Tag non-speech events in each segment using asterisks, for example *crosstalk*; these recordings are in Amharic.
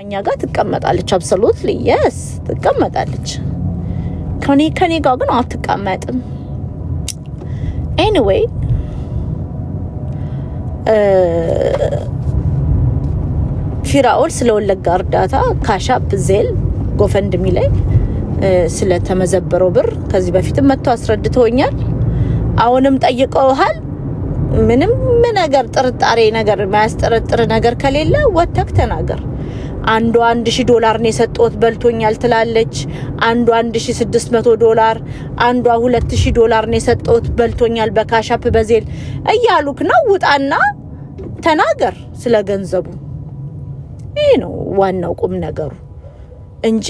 እኛ ጋር ትቀመጣለች። አብሶሉትሊ የስ ትቀመጣለች። ከኔ ከኔ ጋር ግን አትቀመጥም። ኤኒዌይ ፊራኦል ስለ ወለጋ እርዳታ ካሻፕ ዜል ጎፈንድሚ ላይ ስለተመዘበረው ብር ከዚህ በፊትም መጥቶ አስረድቶኛል። አሁንም ጠይቀውሃል። ምንም ነገር ጥርጣሬ ነገር ማያስጠረጥር ነገር ከሌለ ወተክ ተናገር። አንዱ አንድ ሺ ዶላር ነው የሰጠሁት በልቶኛል ትላለች። አንዱ አንድ ሺ ስድስት መቶ ዶላር፣ አንዷ ሁለት ሺህ ዶላር ነው የሰጠሁት በልቶኛል በካሻፕ በዜል እያሉክ ነው። ውጣና ተናገር ስለ ገንዘቡ። ይሄ ነው ዋናው ቁም ነገሩ እንጂ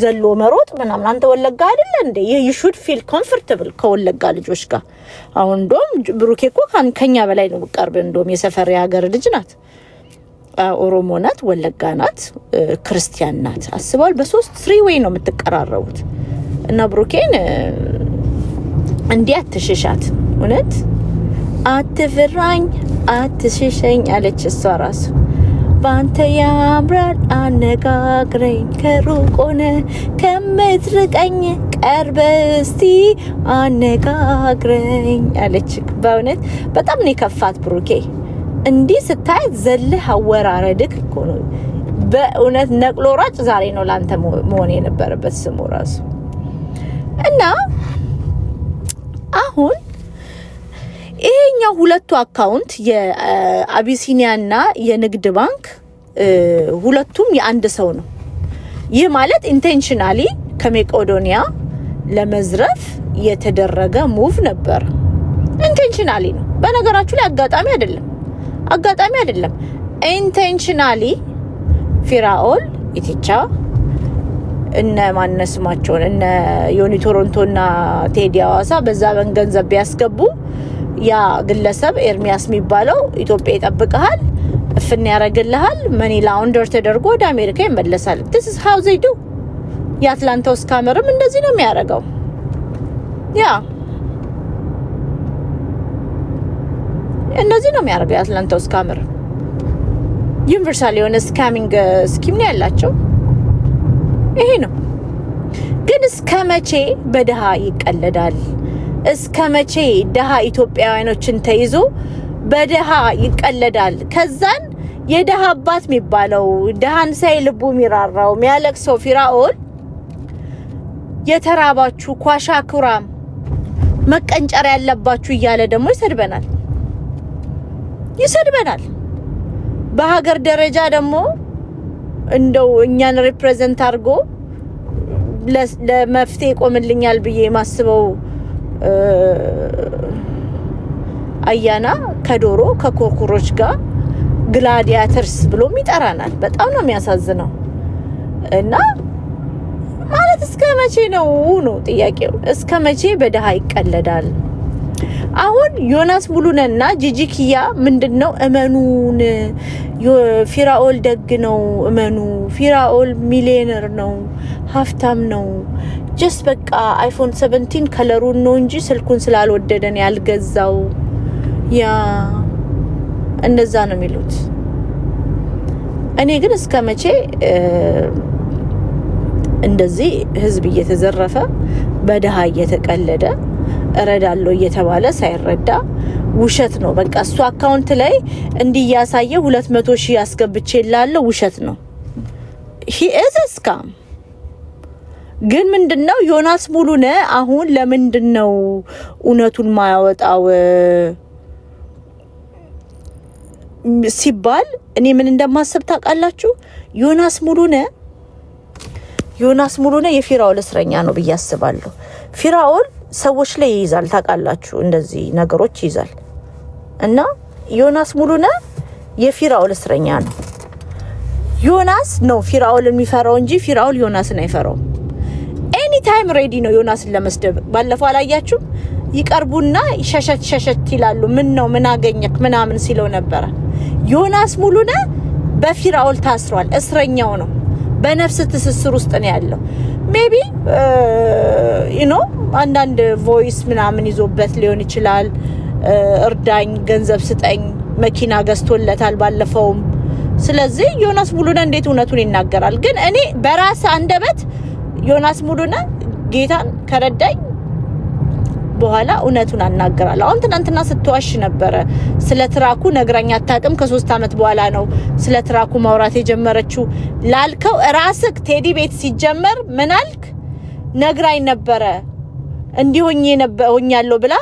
ዘሎ መሮጥ ምናምን። አንተ ወለጋ አይደለ እንዴ? ዩ ሹድ ፊል ኮምፎርታብል ከወለጋ ልጆች ጋር። አሁን እንደውም ብሩኬ እኮ ከኛ በላይ ነው ቅርብ። እንደውም የሰፈር የሀገር ልጅ ናት። ኦሮሞ ናት፣ ወለጋ ናት፣ ክርስቲያን ናት። አስበዋል። በሶስት ትሪ ዌይ ነው የምትቀራረቡት እና ብሩኬን እንዲህ አትሽሻት። እውነት አትፍራኝ፣ አትሽሸኝ አለች እሷ ራሱ ባንተ ያምራል አነጋግረኝ ከሩቅ ሆነ ከምትርቀኝ ቀርበ እስቲ አነጋግረኝ አለች። በእውነት በጣም ነው የከፋት ብሩኬ። እንዲህ ስታይ ዘልህ አወራረድክ እኮ ነው በእውነት ነቅሎ ሯጭ ዛሬ ነው ላንተ መሆን የነበረበት ስሙ ራሱ እና አሁን ይሄኛው ሁለቱ አካውንት የአቢሲኒያና የንግድ ባንክ ሁለቱም የአንድ ሰው ነው። ይህ ማለት ኢንቴንሽናሊ ከሜቄዶኒያ ለመዝረፍ የተደረገ ሙቭ ነበር። ኢንቴንሽናሊ ነው። በነገራችሁ ላይ አጋጣሚ አይደለም። አጋጣሚ አይደለም። ኢንቴንሽናሊ ፊራኦል ኢቲቻ እነ ማነስማቸውን እነ ዮኒ ቶሮንቶና ቴዲ አዋሳ በዛ ገንዘብ ቢያስገቡ ያ ግለሰብ ኤርሚያስ የሚባለው ኢትዮጵያ ይጠብቀሃል፣ እፍን ያደረግልሃል፣ መኒ ላውንደር ተደርጎ ወደ አሜሪካ ይመለሳል። ስ ሀው ዜዱ የአትላንታ ውስጥ ካመርም እንደዚህ ነው የሚያደርገው ያ እንደዚህ ነው የሚያደርገው የአትላንታው ስካምር። ዩኒቨርሳል የሆነ ስካሚንግ uh, ስኪም ነው ያላቸው። ይሄ ነው ግን እስከ መቼ በድሃ ይቀለዳል? እስከ መቼ ድሃ ኢትዮጵያውያኖችን ተይዞ በድሃ ይቀለዳል? ከዛን የድሃ አባት የሚባለው ድሃን ሳይ ልቡ የሚራራው የሚያለቅሰው ፊራኦል የተራባችሁ ኳሻ ኩራም መቀንጨር ያለባችሁ እያለ ደግሞ ይሰድበናል። ይሰድበናል። በሀገር ደረጃ ደግሞ እንደው እኛን ሪፕሬዘንት አድርጎ ለመፍትሄ ይቆምልኛል ብዬ የማስበው አያና ከዶሮ ከኮርኩሮች ጋር ግላዲያተርስ ብሎም ይጠራናል። በጣም ነው የሚያሳዝነው። እና ማለት እስከ መቼ ነው ነው ጥያቄው። እስከ መቼ በድሃ ይቀለዳል? አሁን ዮናስ ሙሉነና ጂጂኪያ ምንድን ነው እመኑን፣ ፊራኦል ደግ ነው እመኑ፣ ፊራኦል ሚሊዮነር ነው ሀብታም ነው። ጀስት በቃ አይፎን 17 ከለሩን ነው እንጂ ስልኩን ስላልወደደን ያልገዛው ያ እንደዛ ነው የሚሉት። እኔ ግን እስከ መቼ እንደዚህ ህዝብ እየተዘረፈ በድሃ እየተቀለደ እረዳለሁ እየተባለ ሳይረዳ ውሸት ነው። በቃ እሱ አካውንት ላይ እንዲያሳየ ሁለት መቶ ሺህ አስገብቼ ውሸት ነው። ሂ ኢዝ ስካም። ግን ምንድነው ዮናስ ዮናስ ሙሉነ አሁን ለምንድነው ነው እውነቱን ማያወጣው ሲባል እኔ ምን እንደማሰብ ታውቃላችሁ? ዮናስ ሙሉነ ዮናስ ሙሉነ የፊራኦል እስረኛ ነው ብዬ አስባለሁ። ፊራኦል ሰዎች ላይ ይይዛል። ታውቃላችሁ፣ እንደዚህ ነገሮች ይይዛል እና ዮናስ ሙሉነ የፊራኦል እስረኛ ነው። ዮናስ ነው ፊራኦል የሚፈራው እንጂ ፊራኦል ዮናስን አይፈራውም። ኤኒ ታይም ሬዲ ነው ዮናስን ለመስደብ። ባለፈው አላያችሁ ይቀርቡና ሸሸት ሸሸት ይላሉ። ምን ነው ምን አገኘክ ምናምን ሲለው ነበረ። ዮናስ ሙሉነ በፊራኦል ታስሯል፣ እስረኛው ነው። በነፍስ ትስስር ውስጥ ነው ያለው። ሜቢ ዩኖ uh, አንዳንድ ቮይስ ምናምን ይዞበት ሊሆን ይችላል። uh, እርዳኝ፣ ገንዘብ ስጠኝ፣ መኪና ገዝቶለታል ባለፈውም። ስለዚህ ዮናስ ሙሉነ እንዴት እውነቱን ይናገራል? ግን እኔ በራስ አንደበት ዮናስ ሙሉነ ጌታን ከረዳኝ በኋላ እውነቱን አናገራለሁ። አሁን ትናንትና ስትዋሽ ነበረ። ስለ ትራኩ ነግራኝ አታውቅም። ከሶስት ዓመት በኋላ ነው ስለ ትራኩ ማውራት የጀመረችው ላልከው ራስክ ቴዲ ቤት ሲጀመር ምን አልክ? ነግራኝ ነበረ እንዲሆኝ ሆኛለሁ ብላ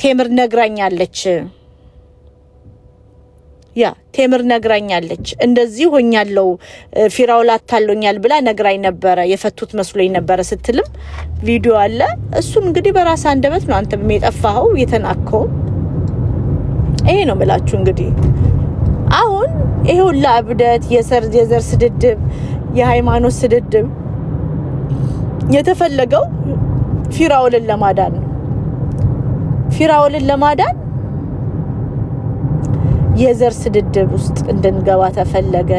ቴምር ነግራኛለች። ያ ቴምር ነግራኛለች። እንደዚህ ሆኛለው ፊራውል አታሎኛል ብላ ነግራኝ ነበረ የፈቱት መስሎኝ ነበረ ስትልም ቪዲዮ አለ። እሱን እንግዲህ በራስ አንደበት ነው አንተ የጠፋኸው የተናከው። ይሄ ነው ምላችሁ እንግዲህ አሁን ይሄ ሁላ እብደት፣ የዘር ስድድብ፣ የሃይማኖት ስድድብ የተፈለገው ፊራውልን ለማዳን ነው። ፊራውልን ለማዳን የዘር ስድድብ ውስጥ እንድንገባ ተፈለገ።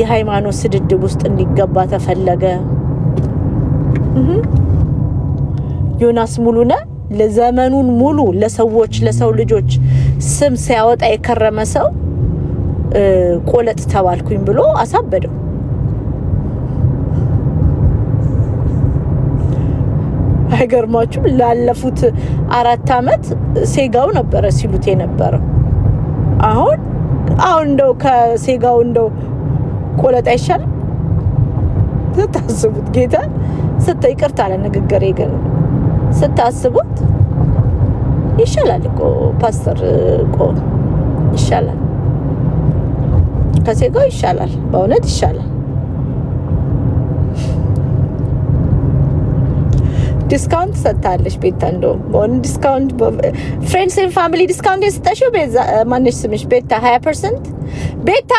የሃይማኖት ስድድብ ውስጥ እንዲገባ ተፈለገ። ዮናስ ሙሉነህ ለዘመኑን ሙሉ ለሰዎች ለሰው ልጆች ስም ሲያወጣ የከረመ ሰው ቆለጥ ተባልኩኝ ብሎ አሳበደው። አይገርማችሁም? ላለፉት አራት አመት ሴጋው ነበረ ሲሉት የነበረው አሁን አሁን እንደው ከሴጋው እንደው ቆለጥ አይሻልም? ስታስቡት ጌታ ስተ ይቅርታ ለንግግሬ ግን ስታስቡት ይሻላል እኮ ፓስተር ቆ ይሻላል፣ ከሴጋው ይሻላል፣ በእውነት ይሻላል። ዲስካውንት ሰጥታለች ቤታ። እንደውም በሆነ ዲስካውንት ፍሬንድስ ኤንድ ፋሚሊ ዲስካውንት የሰጠሽው ማነች ስምሽ? ቤታ ሀያ ፐርሰንት ቤታ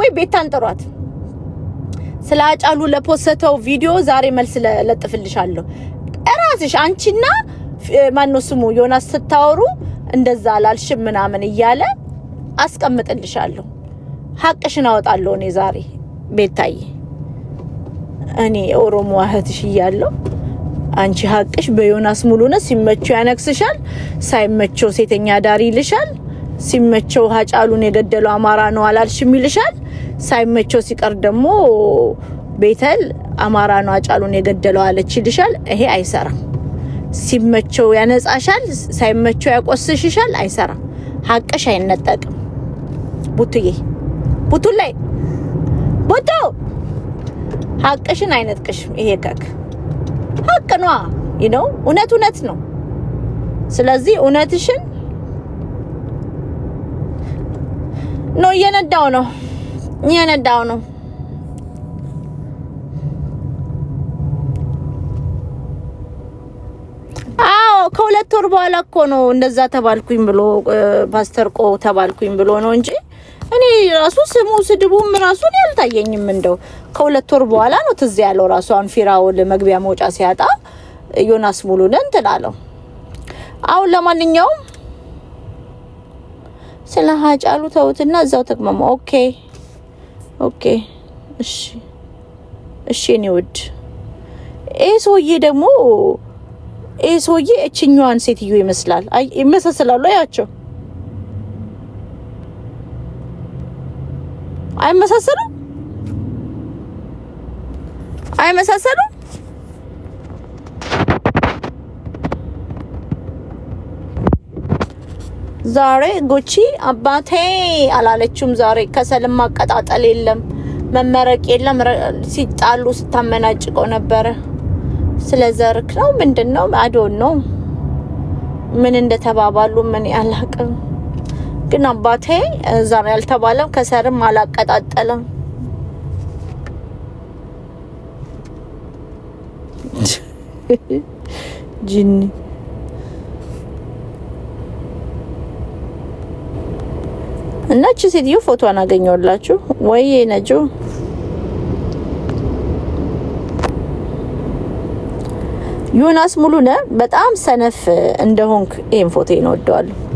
ወይ ቤታን ጥሯት። ስለ አጫሉ ለፖሰተው ቪዲዮ ዛሬ መልስ ለጥፍልሻለሁ። እራስሽ አንቺና ማነው ስሙ ዮናስ ስታወሩ እንደዛ አላልሽ ምናምን እያለ አስቀምጥልሻለሁ። ሀቅሽን አወጣለሁ እኔ ዛሬ ቤታዬ፣ እኔ ኦሮሞ እህትሽ እያለሁ አንቺ ሀቅሽ በዮናስ ሙሉነ ሲመቸው ያነክስሻል፣ ሳይመቸው ሴተኛ ዳሪ ይልሻል። ሲመቸው ሀጫሉን የገደለው አማራ ነው አላልሽም ይልሻል። ሳይመቸው ሲቀር ደግሞ ቤተል አማራ ነው አጫሉን የገደለው አለች ይልሻል። ይሄ አይሰራም። ሲመቸው ያነጻሻል፣ ሳይመቸው ያቆስሽሻል። አይሰራም። ሀቅሽ አይነጠቅም። ቡቱዬ ቡቱ ላይ ቡቱ ሀቅሽን አይነጥቅሽም። ይሄ ከክ ሀቅ ኗ ይነው እውነት እውነት ነው። ስለዚህ እውነትሽን ነው። እየነዳው ነው እየነዳው ነው። አዎ ከሁለት ወር በኋላ እኮ ነው እንደዛ ተባልኩኝ ብሎ ፓስተር ቆ ተባልኩኝ ብሎ ነው እንጂ እኔ ራሱ ስሙ ስድቡም ራሱን ያልታየኝም። እንደው ከሁለት ወር በኋላ ነው ትዝ ያለው ራሱ አሁን ፊራውል መግቢያ መውጫ ሲያጣ ዮናስ ሙሉነህ እንትን አለው። አሁን ለማንኛውም ስለ ሀጫሉ ተውትና እዛው ተቅመሙ። ኦኬ ኦኬ፣ እሺ እሺ። እኔ ውድ ይህ ሰውዬ ደግሞ ይህ ሰውዬ እችኛዋን ሴትዮ ይመስላል፣ ይመሳሰላሉ። አያቸው አይመሳሰሉም አይመሳሰሉም። ዛሬ ጉቺ አባቴ አላለችም። ዛሬ ከሰልም ማቀጣጠል የለም መመረቅ የለም። ሲጣሉ ስታመናጭቀው ነበረ። ስለ ዘርክ ነው ምንድን ነው አዶን ነው ምን እንደተባባሉ ምን ያላቅም ግን አባቴ እዛ ነው ያልተባለም፣ ከሰርም አላቀጣጠለም። ጂኒ እቺ ሴትዮ ፎቶዋን አገኘውላችሁ ወይ ነጁ? ዮናስ ነ በጣም ሰነፍ እንደሆንክ ይህን ፎቶ ይንወደዋለሁ።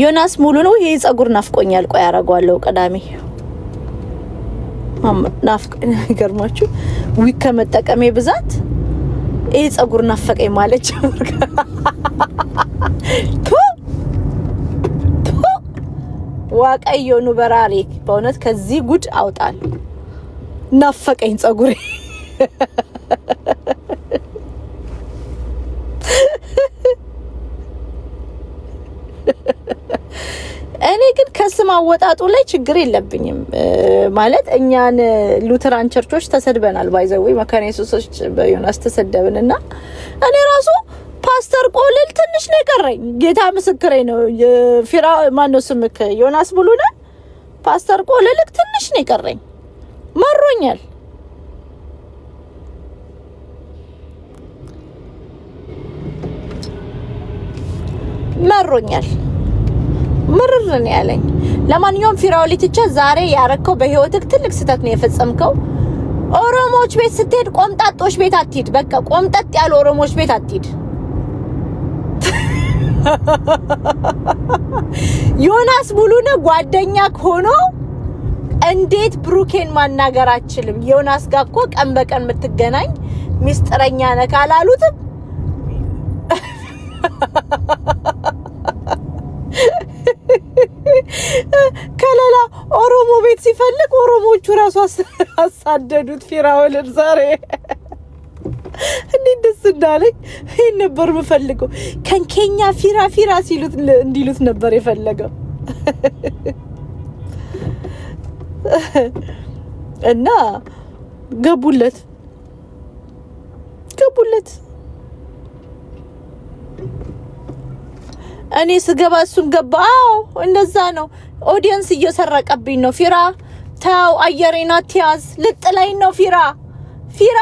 ዮናስ ሙሉ ነው። ይሄ ጸጉር ናፍቆኛል። ቆይ አረጓለሁ። ቅዳሜ ናፍቆ *laughs* ይገርማችሁ ዊግ ከመጠቀሜ ብዛት ይሄ ጸጉር ናፈቀኝ ማለት ጀመርኩ። *laughs* ዋቀዮ ኑበራሪ በእውነት ከዚህ ጉድ አውጣል። ናፈቀኝ ጸጉሬ *laughs* ስም አወጣጡ ላይ ችግር የለብኝም ማለት እኛን ሉትራን ቸርቾች ተሰድበናል። ባይዘዊ መካነ ኢየሱሶች በዮናስ ተሰደብን እና እኔ ራሱ ፓስተር ቆልል ትንሽ ነው የቀረኝ። ጌታ ምስክሬ ነው። ፊራ ማነው ስምክ ዮናስ ብሉነ ፓስተር ቆልልክ ትንሽ ነው የቀረኝ። መሮኛል። መሮኛል። ምርር ነው ያለኝ። ለማንኛውም ፊራውሊትቻ ዛሬ ያረከው በህይወትህ ትልቅ ስህተት ነው የፈጸምከው። ኦሮሞዎች ቤት ስትሄድ ቆምጣጦች ቤት አትሂድ። በቃ ቆምጠጥ ያሉ ኦሮሞዎች ቤት አትሂድ። *laughs* ዮናስ ሙሉነ ጓደኛ ሆኖ እንዴት ብሩኬን ማናገር አችልም? ዮናስ ጋር እኮ ቀን በቀን የምትገናኝ ሚስጥረኛ ነህ ካላሉትም ሰዎቹ ራሱ አሳደዱት ፊራውልን ዛሬ እንዴት ደስ እንዳለኝ። ይህን ነበር የምፈልገው። ከንኬኛ ፊራ ፊራ ሲሉት እንዲሉት ነበር የፈለገው እና ገቡለት ገቡለት። እኔ ስገባ እሱም ገባ። አዎ እንደዛ ነው። ኦዲየንስ እየሰረቀብኝ ነው ፊራ ተው፣ አየሬን አትያዝ። ልጥለኝ ነው ፊራ፣ ፊራ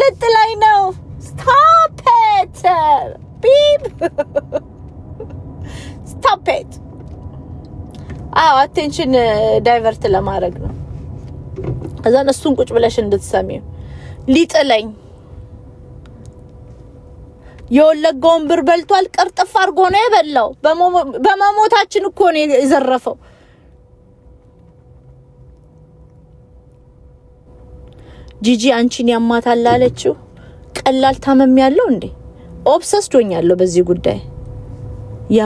ልጥለኝ ነው። ስታፕ ኢት ቢብ፣ ስታፕ ኢት። አዎ አቴንሽን ዳይቨርት uh, ለማድረግ ነው። እዛን እሱን ቁጭ ብለሽ እንድትሰሚው ሊጥለኝ የወለጋውን ብር በልቷል። ቅርጥፍ አድርጎ ነው የበላው። በመሞታችን እኮ ነው የዘረፈው። ጂጂ አንቺን ያማታል አለችው። ቀላል ታመም ያለው እንዴ ኦብሰስዶኛለሁ በዚህ ጉዳይ